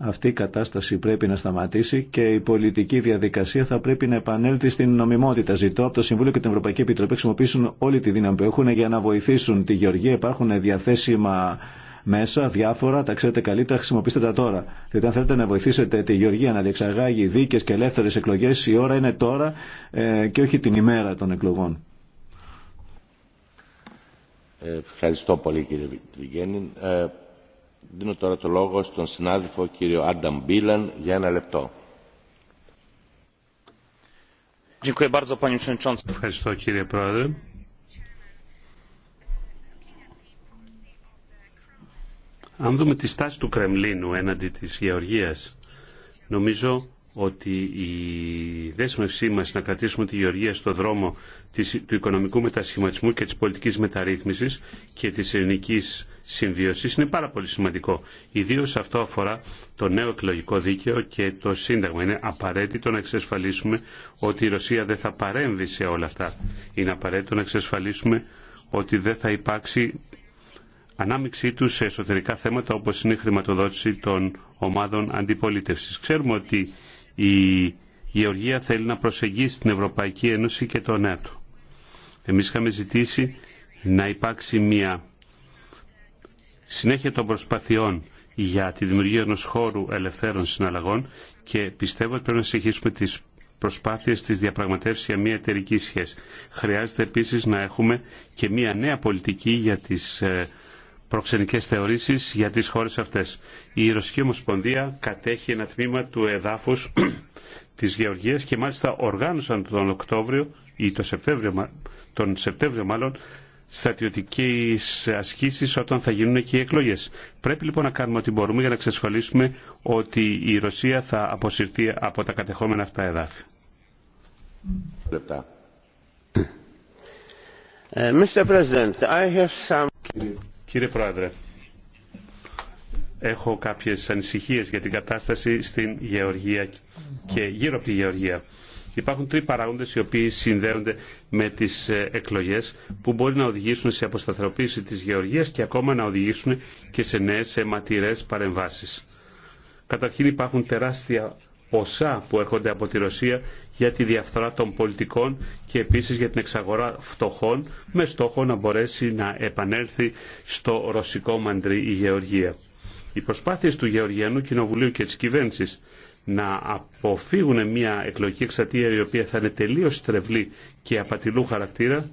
Αυτή η κατάσταση πρέπει να σταματήσει και η πολιτική διαδικασία θα πρέπει να επανέλθει στην νομιμότητα. Ζητώ από το Συμβούλιο και την Ευρωπαϊκή Επιτροπή να χρησιμοποιήσουν όλη τη δύναμη που έχουν για να βοηθήσουν τη Γεωργία. Υπάρχουν διαθέσιμα μέσα διάφορα, τα ξέρετε καλύτερα, χρησιμοποιήστε τα τώρα. Διότι αν θέλετε να βοηθήσετε τη Γεωργία να διεξαγάγει δίκες και ελεύθερε εκλογές, η ώρα είναι τώρα ε, και όχι την ημέρα των εκλογών. Ευχαριστώ πολύ κύριε Βιγγέννη. Ε, δίνω τώρα το λόγο στον συνάδελφο κύριο Άνταμ Μπίλαν για ένα λεπτό. Ευχαριστώ κύριε Πρόεδρε. Αν δούμε τη στάση του Κρεμλίνου έναντι της Γεωργίας, νομίζω ότι η δέσμευσή μας να κρατήσουμε τη Γεωργία στο δρόμο της, του οικονομικού μετασχηματισμού και της πολιτικής μεταρρύθμισης και της ελληνικής συμβίωσης είναι πάρα πολύ σημαντικό. Ιδίω αυτό αφορά το νέο εκλογικό δίκαιο και το Σύνταγμα. Είναι απαραίτητο να εξασφαλίσουμε ότι η Ρωσία δεν θα παρέμβει σε όλα αυτά. Είναι απαραίτητο να εξασφαλίσουμε ότι δεν θα υπάρξει ανάμειξή τους σε εσωτερικά θέματα όπως είναι η χρηματοδότηση των ομάδων αντιπολίτευσης. Ξέρουμε ότι η Γεωργία θέλει να προσεγγίσει την Ευρωπαϊκή Ένωση και το ΝΑΤΟ. Εμείς είχαμε ζητήσει να υπάρξει μια συνέχεια των προσπαθειών για τη δημιουργία ενός χώρου ελευθέρων συναλλαγών και πιστεύω ότι πρέπει να συνεχίσουμε τις προσπάθειες της διαπραγματεύσης για μια εταιρική σχέση. Χρειάζεται επίσης να έχουμε και μια νέα πολιτική για τις ε, προξενικές θεωρήσεις για τις χώρες αυτές. Η Ρωσική Ομοσπονδία κατέχει ένα τμήμα του εδάφους της Γεωργίας και μάλιστα οργάνωσαν τον Οκτώβριο ή τον Σεπτέμβριο, τον Σεπτέμβριο μάλλον στρατιωτικές ασκήσεις όταν θα γίνουν και οι εκλογέ. Πρέπει λοιπόν να κάνουμε ό,τι μπορούμε για να εξασφαλίσουμε ότι η Ρωσία θα αποσυρθεί από τα κατεχόμενα αυτά εδάφη. Ε, Mr. President, I have some... Κύριε Πρόεδρε, έχω κάποιες ανησυχίες για την κατάσταση στην Γεωργία και γύρω από τη Γεωργία. Υπάρχουν τρεις παράγοντες οι οποίοι συνδέονται με τις ε, εκλογές που μπορεί να οδηγήσουν σε αποσταθεροποίηση της γεωργίας και ακόμα να οδηγήσουν και σε νέες αιματηρές ε, παρεμβάσεις. Καταρχήν υπάρχουν τεράστια ποσά που έρχονται από τη Ρωσία για τη διαφθορά των πολιτικών και επίσης για την εξαγορά φτωχών με στόχο να μπορέσει να επανέλθει στο ρωσικό μαντρί η Γεωργία. Οι προσπάθειες του Γεωργιανού Κοινοβουλίου και της κυβέρνησης να αποφύγουν μια εκλογική εξατία η οποία θα είναι τελείως στρεβλή και απατηλού χαρακτήρα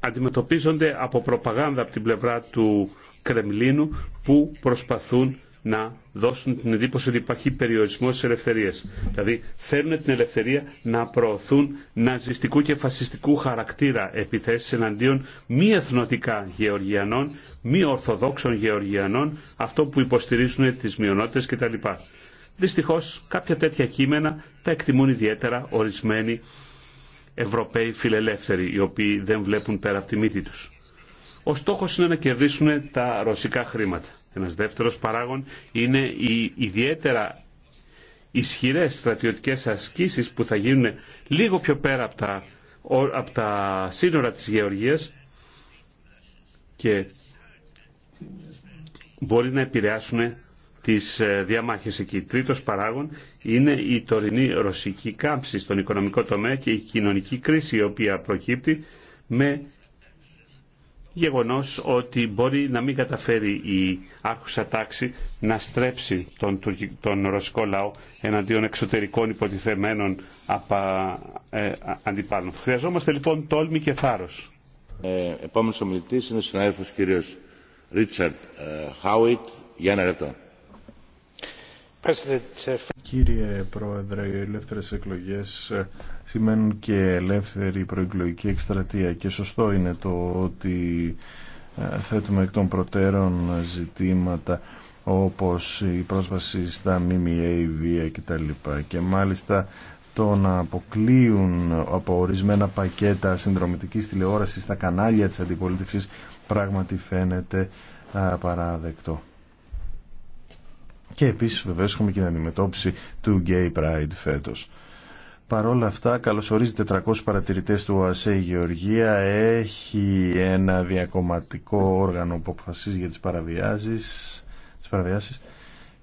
αντιμετωπίζονται από προπαγάνδα από την πλευρά του Κρεμλίνου που προσπαθούν να δώσουν την εντύπωση ότι υπάρχει περιορισμό τη ελευθερία. Δηλαδή θέλουν την ελευθερία να προωθούν ναζιστικού και φασιστικού χαρακτήρα επιθέσει εναντίον μη εθνοτικά γεωργιανών, μη ορθοδόξων γεωργιανών, αυτό που υποστηρίζουν τι μειονότητε κτλ. Δυστυχώ κάποια τέτοια κείμενα τα εκτιμούν ιδιαίτερα ορισμένοι Ευρωπαίοι φιλελεύθεροι, οι οποίοι δεν βλέπουν πέρα από τη μύτη τους. Ο στόχο είναι να κερδίσουν τα ρωσικά χρήματα. Ένα δεύτερος παράγον είναι οι ιδιαίτερα ισχυρές στρατιωτικές ασκήσεις που θα γίνουν λίγο πιο πέρα από τα, σύνορα της γεωργία και μπορεί να επηρεάσουν τις ε, διαμάχες εκεί. Τρίτος παράγον είναι η τωρινή ρωσική κάμψη στον οικονομικό τομέα και η κοινωνική κρίση η οποία προκύπτει με γεγονός ότι μπορεί να μην καταφέρει η άρχουσα τάξη να στρέψει τον, τον ρωσικό λαό εναντίον εξωτερικών υποτιθεμένων απα, ε, αντιπάλων. Χρειαζόμαστε λοιπόν τόλμη και θάρρος. Ε, επόμενος ομιλητής είναι ο συνάδελφος κύριος Ρίτσαρτ ε, Χάουιτ για Uh, Κύριε Πρόεδρε, οι ελεύθερες εκλογές ε, σημαίνουν και ελεύθερη προεκλογική εκστρατεία και σωστό είναι το ότι ε, θέτουμε εκ των προτέρων ζητήματα όπως η πρόσβαση στα ΜΜΕ, η βία κτλ. Και μάλιστα το να αποκλείουν από ορισμένα πακέτα συνδρομητικής τηλεόρασης στα κανάλια της αντιπολίτευσης πράγματι φαίνεται ε, παράδεκτο. Και επίσης βεβαίω έχουμε και την αντιμετώπιση του Gay Pride φέτος. Παρ' όλα αυτά, καλωσορίζει 400 παρατηρητές του ΟΑΣΕ η Γεωργία, έχει ένα διακομματικό όργανο που αποφασίζει για τις παραβιάσεις, παραβιάσεις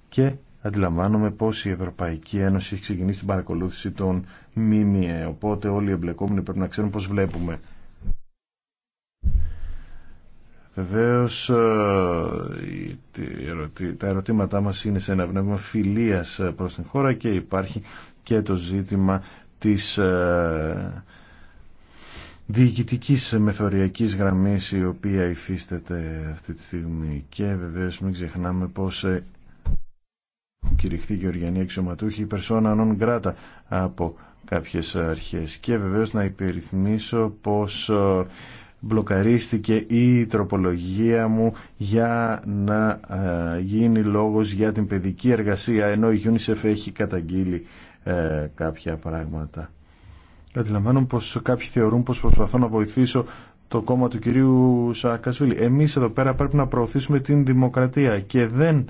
και αντιλαμβάνομαι πως η Ευρωπαϊκή Ένωση έχει ξεκινήσει την παρακολούθηση των ΜΜΕ, οπότε όλοι οι εμπλεκόμενοι πρέπει να ξέρουν πώς βλέπουμε Βεβαίως ε, τα ερωτήματά μας είναι σε ένα πνεύμα φιλίας ε, προς την χώρα και υπάρχει και το ζήτημα της ε, διοικητικής μεθοριακής γραμμής η οποία υφίσταται αυτή τη στιγμή και βεβαίως μην ξεχνάμε πως και Γεωργιανή αξιωματούχη η περσόνα non grata από κάποιες αρχές και βεβαίως να υπερυθμίσω πως μπλοκαρίστηκε η τροπολογία μου για να ε, γίνει λόγος για την παιδική εργασία ενώ η UNICEF έχει καταγγείλει ε, κάποια πράγματα. Αντιλαμβάνομαι πως κάποιοι θεωρούν πως προσπαθώ να βοηθήσω το κόμμα του κυρίου Σακασβίλη. Εμείς εδώ πέρα πρέπει να προωθήσουμε την δημοκρατία και δεν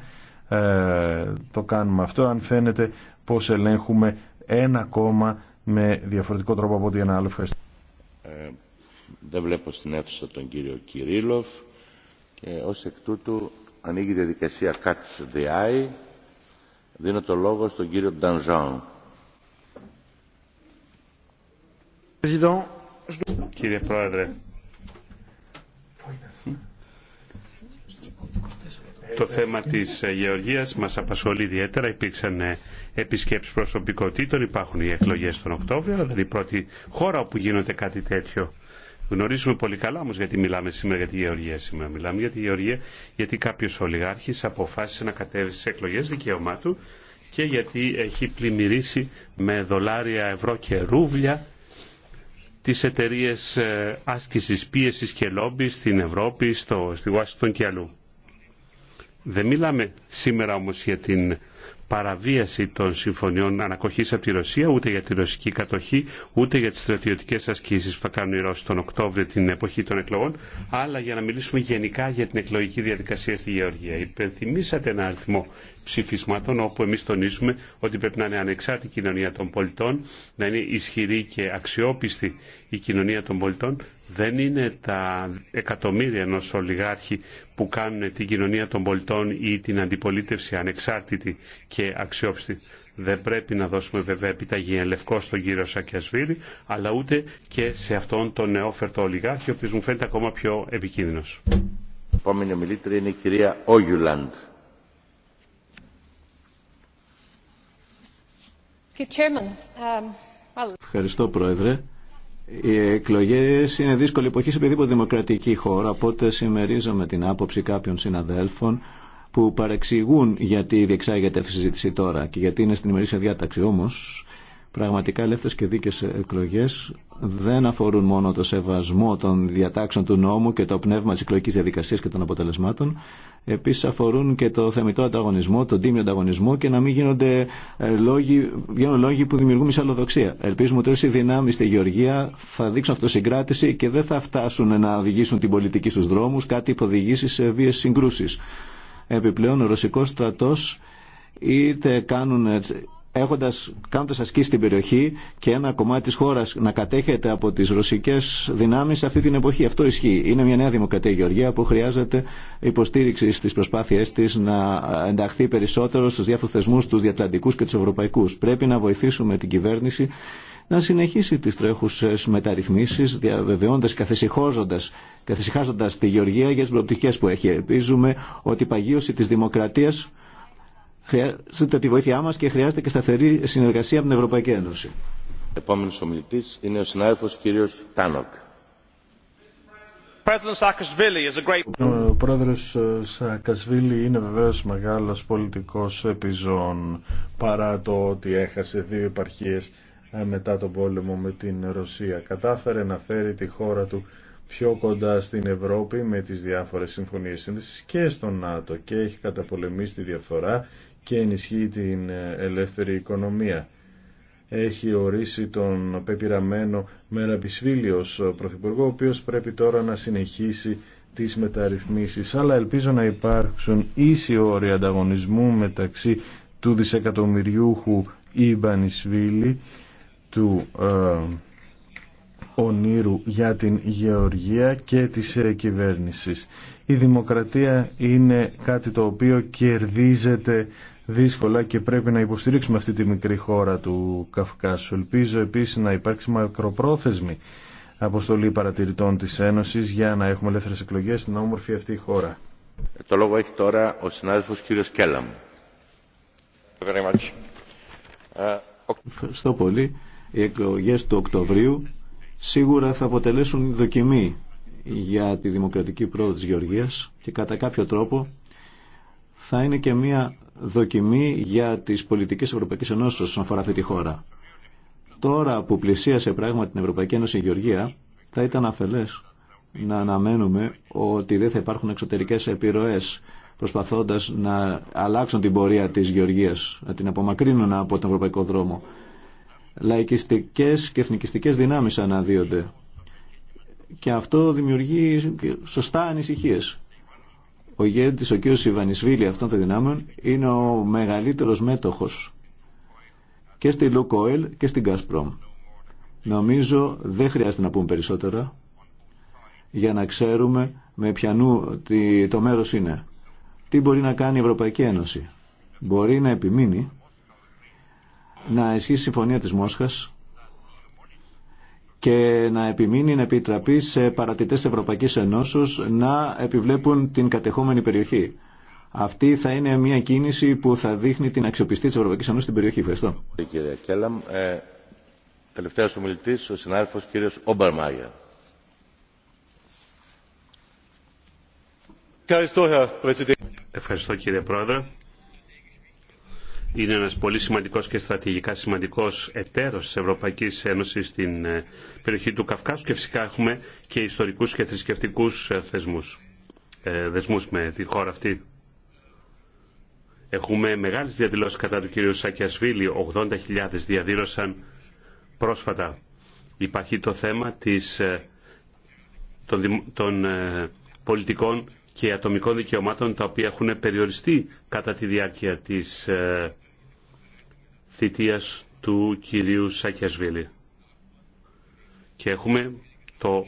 ε, το κάνουμε αυτό αν φαίνεται πως ελέγχουμε ένα κόμμα με διαφορετικό τρόπο από ό,τι ένα άλλο. Ευχαριστώ. Δεν βλέπω στην αίθουσα τον κύριο Κυρίλοφ και ως εκ τούτου ανοίγει η διαδικασία Catch the Eye. Δίνω το λόγο στον κύριο Ντανζάν. Κύριε Πρόεδρε, το θέμα της ε, γεωργίας μας απασχολεί ιδιαίτερα. Υπήρξαν ε, επισκέψεις προσωπικότητων, υπάρχουν οι εκλογές τον Οκτώβριο, αλλά δεν είναι η πρώτη χώρα όπου γίνεται κάτι τέτοιο. Γνωρίζουμε πολύ καλά όμω γιατί μιλάμε σήμερα για τη γεωργία σήμερα. Μιλάμε για τη γεωργία γιατί κάποιο ολιγάρχη αποφάσισε να κατέβει στι εκλογέ δικαίωμά του και γιατί έχει πλημμυρίσει με δολάρια, ευρώ και ρούβλια τις εταιρείε ε, άσκησης πίεσης και λόμπι στην Ευρώπη, στο, στη Ουάσιγκτον και αλλού. Δεν μιλάμε σήμερα όμως για την παραβίαση των συμφωνιών ανακοχής από τη Ρωσία, ούτε για τη ρωσική κατοχή, ούτε για τις στρατιωτικές ασκήσεις που θα κάνουν οι Ρώσοι τον Οκτώβριο την εποχή των εκλογών, αλλά για να μιλήσουμε γενικά για την εκλογική διαδικασία στη Γεωργία. Υπενθυμίσατε ένα αριθμό ψηφισμάτων όπου εμείς τονίζουμε ότι πρέπει να είναι ανεξάρτητη η κοινωνία των πολιτών, να είναι ισχυρή και αξιόπιστη η κοινωνία των πολιτών. Δεν είναι τα εκατομμύρια ενό ολιγάρχη που κάνουν την κοινωνία των πολιτών ή την αντιπολίτευση ανεξάρτητη και αξιόπιστη. Δεν πρέπει να δώσουμε βέβαια επιταγή λευκό στον κύριο Σακιασβήρη αλλά ούτε και σε αυτόν τον νεόφερτο ολιγάρχη, ο οποίος μου φαίνεται ακόμα πιο επικίνδυνος. Επόμενη ομιλήτρια είναι η κυρία Όγιουλαντ. Um, Ευχαριστώ, Πρόεδρε. Οι εκλογέ είναι δύσκολη εποχή σε οποιαδήποτε δημοκρατική χώρα, οπότε συμμερίζομαι την άποψη κάποιων συναδέλφων που παρεξηγούν γιατί διεξάγεται αυτή η συζήτηση τώρα και γιατί είναι στην ημερήσια διάταξη. Όμω, Πραγματικά ελεύθερες και δίκαιες εκλογές δεν αφορούν μόνο το σεβασμό των διατάξεων του νόμου και το πνεύμα της εκλογικής διαδικασίας και των αποτελεσμάτων. Επίσης αφορούν και το θεμητό ανταγωνισμό, τον τίμιο ανταγωνισμό και να μην γίνονται ε, λόγοι, γίνονται λόγοι που δημιουργούν μισαλλοδοξία. Ελπίζουμε ότι όσοι δυνάμεις στη Γεωργία θα δείξουν αυτοσυγκράτηση και δεν θα φτάσουν να οδηγήσουν την πολιτική στους δρόμους, κάτι που οδηγήσει σε βίες συγκρούσεις. Επιπλέον ο ρωσικός στρατός είτε κάνουν ε, έχοντας, κάνοντας ασκή στην περιοχή και ένα κομμάτι της χώρας να κατέχεται από τις ρωσικές δυνάμεις αυτή την εποχή. Αυτό ισχύει. Είναι μια νέα δημοκρατία η Γεωργία που χρειάζεται υποστήριξη στις προσπάθειές της να ενταχθεί περισσότερο στους διάφορους θεσμούς, τους διατλαντικούς και τους ευρωπαϊκούς. Πρέπει να βοηθήσουμε την κυβέρνηση να συνεχίσει τις τρέχουσες μεταρρυθμίσεις διαβεβαιώντας και καθησυχάζοντας τη Γεωργία για τις προοπτικές που έχει. Ελπίζουμε ότι η παγίωση της δημοκρατίας Χρειάζεται τη βοήθειά μας και χρειάζεται και σταθερή συνεργασία από την Ευρωπαϊκή Ένωση. Επόμενος ομιλητής είναι ο συνάδελφος κύριος Τάνοκ. Ο πρόεδρος Σακασβίλη ε, είναι βεβαίως μεγάλος πολιτικός επιζών παρά το ότι έχασε δύο επαρχίε ε, μετά τον πόλεμο με την Ρωσία. Κατάφερε να φέρει τη χώρα του πιο κοντά στην Ευρώπη με τις διάφορες συμφωνίες σύνδεσης και στο ΝΑΤΟ και έχει καταπολεμήσει τη διαφθορά και ενισχύει την ελεύθερη οικονομία. Έχει ορίσει τον πεπειραμένο Μεραπισβήλη ως Πρωθυπουργό, ο οποίος πρέπει τώρα να συνεχίσει τις μεταρρυθμίσεις, αλλά ελπίζω να υπάρξουν ίσοι όροι ανταγωνισμού μεταξύ του δισεκατομμυριούχου Ιμπανισβήλη, του ε, ονείρου για την γεωργία και της ε, κυβέρνησης. Η δημοκρατία είναι κάτι το οποίο κερδίζεται δύσκολα και πρέπει να υποστηρίξουμε αυτή τη μικρή χώρα του Καυκάσου. Ελπίζω επίσης να υπάρξει μακροπρόθεσμη αποστολή παρατηρητών της Ένωσης για να έχουμε ελεύθερες εκλογές στην όμορφη αυτή η χώρα. Το λόγο έχει τώρα ο συνάδελφος κύριος Κέλαμ. Ευχαριστώ πολύ. Οι εκλογές του Οκτωβρίου σίγουρα θα αποτελέσουν δοκιμή για τη δημοκρατική πρόοδο της Γεωργίας και κατά κάποιο τρόπο θα είναι και μια δοκιμή για τις πολιτικές Ευρωπαϊκής Ενώσης όσον αφορά αυτή τη χώρα. Τώρα που πλησίασε πράγμα την Ευρωπαϊκή Ένωση η Γεωργία, θα ήταν αφελές να αναμένουμε ότι δεν θα υπάρχουν εξωτερικές επιρροές προσπαθώντας να αλλάξουν την πορεία της Γεωργίας, να την απομακρύνουν από τον ευρωπαϊκό δρόμο λαϊκιστικές και εθνικιστικές δυνάμεις αναδύονται. Και αυτό δημιουργεί σωστά ανησυχίες. Ο γέντης, ο κ. Ιβανισβίλη αυτών των δυνάμεων, είναι ο μεγαλύτερος μέτοχος και στη Λουκόελ και στην Κάσπρομ. Νομίζω δεν χρειάζεται να πούμε περισσότερα για να ξέρουμε με ποιανού νου το μέρος είναι. Τι μπορεί να κάνει η Ευρωπαϊκή Ένωση. Μπορεί να επιμείνει να ισχύσει η συμφωνία της Μόσχας και να επιμείνει να επιτραπεί σε παρατητές Ευρωπαϊκής Ενώσεως να επιβλέπουν την κατεχόμενη περιοχή. Αυτή θα είναι μια κίνηση που θα δείχνει την αξιοπιστία της Ευρωπαϊκής Ενώσεως στην περιοχή. Ευχαριστώ. Κύριε Κέλλαμ, ε, τελευταίος ομιλητής, ο συνάδελφος κύριος Μάγερ. Ευχαριστώ κύριε Πρόεδρε είναι ένας πολύ σημαντικός και στρατηγικά σημαντικός εταίρος της Ευρωπαϊκής Ένωσης στην ε, περιοχή του Καυκάσου και φυσικά έχουμε και ιστορικούς και θρησκευτικούς ε, θεσμούς, ε, δεσμούς με τη χώρα αυτή. Έχουμε μεγάλες διαδηλώσεις κατά του κ. Σακιασβίλη, 80.000 διαδήλωσαν πρόσφατα. Υπάρχει το θέμα της, των, των πολιτικών και ατομικών δικαιωμάτων τα οποία έχουν περιοριστεί κατά τη διάρκεια της θητείας του κυρίου Σακιασβίλη. Και έχουμε το,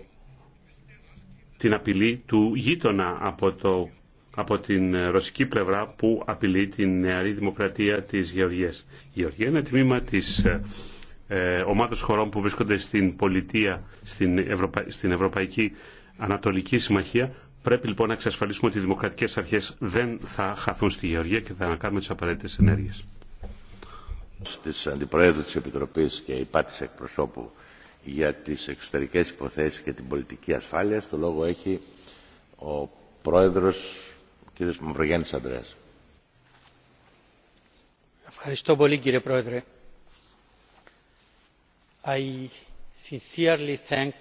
την απειλή του γείτονα από, το, από την ρωσική πλευρά που απειλεί την νεαρή δημοκρατία της Γεωργίας. Η Γεωργία είναι τμήμα της ε, ομάδος χωρών που βρίσκονται στην πολιτεία, στην, στην Ευρωπαϊκή Ανατολική Συμμαχία. Πρέπει λοιπόν να εξασφαλίσουμε ότι οι δημοκρατικές αρχές δεν θα χαθούν στη Γεωργία και θα κάνουμε τις απαραίτητες ενέργειες της Αντιπροέδρου της Επιτροπής και υπάτης εκπροσώπου για τις εξωτερικές υποθέσεις και την πολιτική ασφάλεια, το λόγο έχει ο Πρόεδρος κ. Μαυρογέννης Ανδρέας. Ευχαριστώ πολύ κύριε Πρόεδρε. I sincerely thank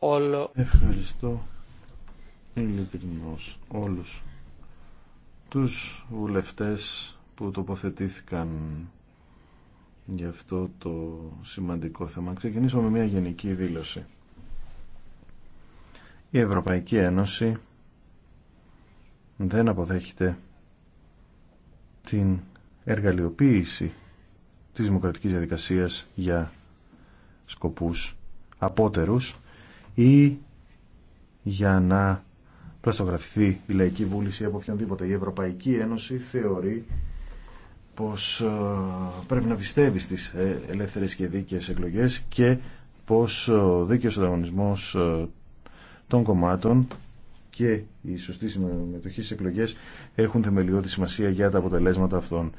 all... Ευχαριστώ ειλικρινώς όλους τους βουλευτές που τοποθετήθηκαν για αυτό το σημαντικό θέμα. Ξεκινήσω με μια γενική δήλωση. Η Ευρωπαϊκή Ένωση δεν αποδέχεται την εργαλειοποίηση της δημοκρατικής διαδικασίας για σκοπούς απότερους ή για να πλαστογραφηθεί η Λαϊκή Βούληση από οποιονδήποτε. Η Ευρωπαϊκή Ένωση θεωρεί πως ε, πρέπει να πιστεύει στις ε, ελεύθερες και δίκαιες εκλογές και πως ε, ο δίκαιος ανταγωνισμός των κομμάτων και η σωστή συμμετοχή στις εκλογές έχουν θεμελιώδη σημασία για τα αποτελέσματα αυτών.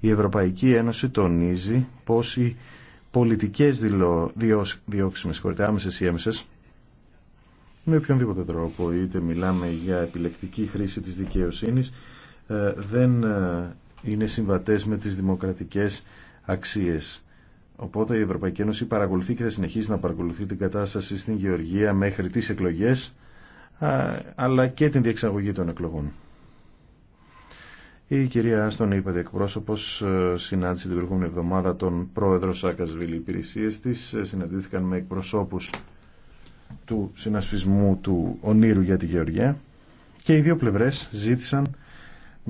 Η Ευρωπαϊκή Ένωση τονίζει πως οι πολιτικές διώξεις, με άμεσες ή έμεσες, με οποιονδήποτε τρόπο, είτε μιλάμε για επιλεκτική χρήση της δικαιοσύνης, δεν είναι συμβατές με τις δημοκρατικές αξίες. Οπότε η Ευρωπαϊκή Ένωση παρακολουθεί και θα συνεχίσει να παρακολουθεί την κατάσταση στην Γεωργία μέχρι τις εκλογές αλλά και την διεξαγωγή των εκλογών. Η κυρία Άστον είπε εκπρόσωπο ε, συνάντησε την προηγούμενη εβδομάδα τον πρόεδρο Σάκασβιλ. Οι υπηρεσίε τη ε, συναντήθηκαν με εκπροσώπου του συνασπισμού του Ονείρου για τη Γεωργία και οι δύο πλευρέ ζήτησαν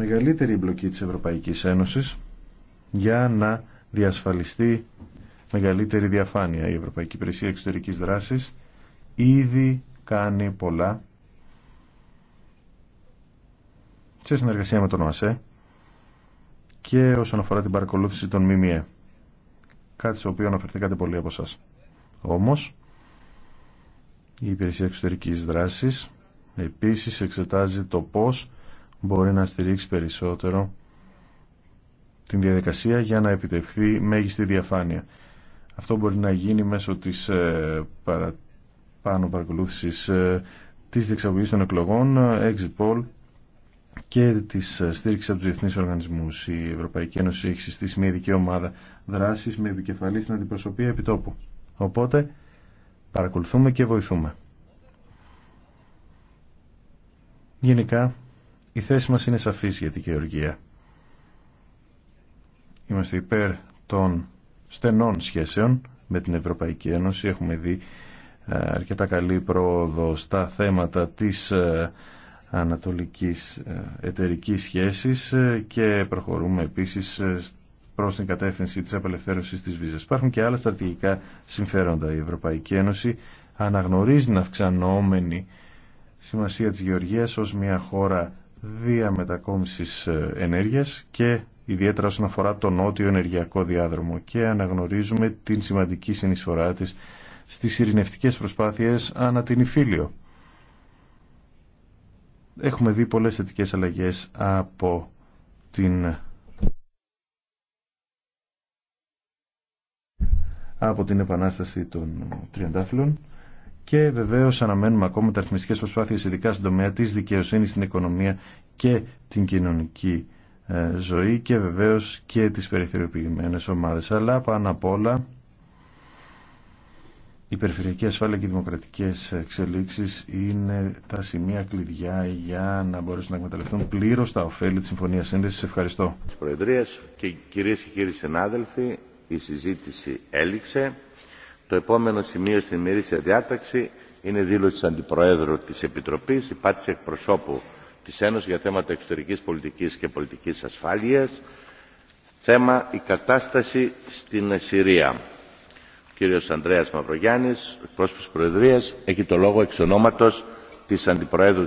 μεγαλύτερη εμπλοκή της Ευρωπαϊκής Ένωσης για να διασφαλιστεί μεγαλύτερη διαφάνεια. Η Ευρωπαϊκή Υπηρεσία Εξωτερικής Δράσης ήδη κάνει πολλά σε συνεργασία με τον ΟΑΣΕ και όσον αφορά την παρακολούθηση των ΜΜΕ. Κάτι στο οποίο αναφερθήκατε πολλοί από εσά. Όμως, η Υπηρεσία Εξωτερικής Δράσης επίσης εξετάζει το πώς μπορεί να στηρίξει περισσότερο την διαδικασία για να επιτευχθεί μέγιστη διαφάνεια. Αυτό μπορεί να γίνει μέσω της ε, παρα... πάνω παρακολούθησης ε, της διεξαγωγής των εκλογών, exit poll και της ε, στήριξης από τους διεθνείς οργανισμούς. Η Ευρωπαϊκή Ένωση έχει συστήσει μια ειδική ομάδα δράσης με επικεφαλή στην αντιπροσωπεία επιτόπου. Οπότε παρακολουθούμε και βοηθούμε. Γενικά η θέση μας είναι σαφής για την Γεωργία. Είμαστε υπέρ των στενών σχέσεων με την Ευρωπαϊκή Ένωση. Έχουμε δει ε, αρκετά καλή πρόοδο στα θέματα της ε, ανατολικής ε, εταιρικής σχέσης και προχωρούμε επίσης προς την κατεύθυνση της απελευθέρωσης της βίζας. Υπάρχουν και άλλα στρατηγικά συμφέροντα. Η Ευρωπαϊκή Ένωση αναγνωρίζει την αυξανόμενη σημασία της Γεωργίας ως μια χώρα διαμετακόμισης ε, ενέργειας και ιδιαίτερα όσον αφορά τον νότιο ενεργειακό διάδρομο και αναγνωρίζουμε την σημαντική συνεισφορά της στις ειρηνευτικές προσπάθειες ανά την Ιφίλιο. Έχουμε δει πολλές θετικέ αλλαγές από την από την επανάσταση των τριαντάφυλων. Και βεβαίω αναμένουμε ακόμα τα αριθμιστικέ προσπάθειε ειδικά στην τομέα τη δικαιοσύνη στην οικονομία και την κοινωνική ε, ζωή και βεβαίω και τι περιθωριοποιημένε ομάδε. Αλλά πάνω απ' όλα η περιφερειακή ασφάλεια και οι δημοκρατικές εξελίξεις είναι τα σημεία κλειδιά για να μπορέσουν να εκμεταλλευτούν πλήρω τα ωφέλη της Συμφωνίας Σύνδεσης. Ευχαριστώ. Προεδρία και κυρίε και κύριοι συνάδελφοι, η συζήτηση έληξε. Το επόμενο σημείο στην ημερήσια διάταξη είναι δήλωση Αντιπροέδρου της Επιτροπής, πάτηση εκπροσώπου της Ένωσης για θέματα εξωτερικής πολιτικής και πολιτικής ασφάλειας. Θέμα η κατάσταση στην Συρία. Ο κύριος Ανδρέας Μαυρογιάννης, εκπρόσωπος Προεδρίας, έχει το λόγο εξ ονόματος της Αντιπροέδρου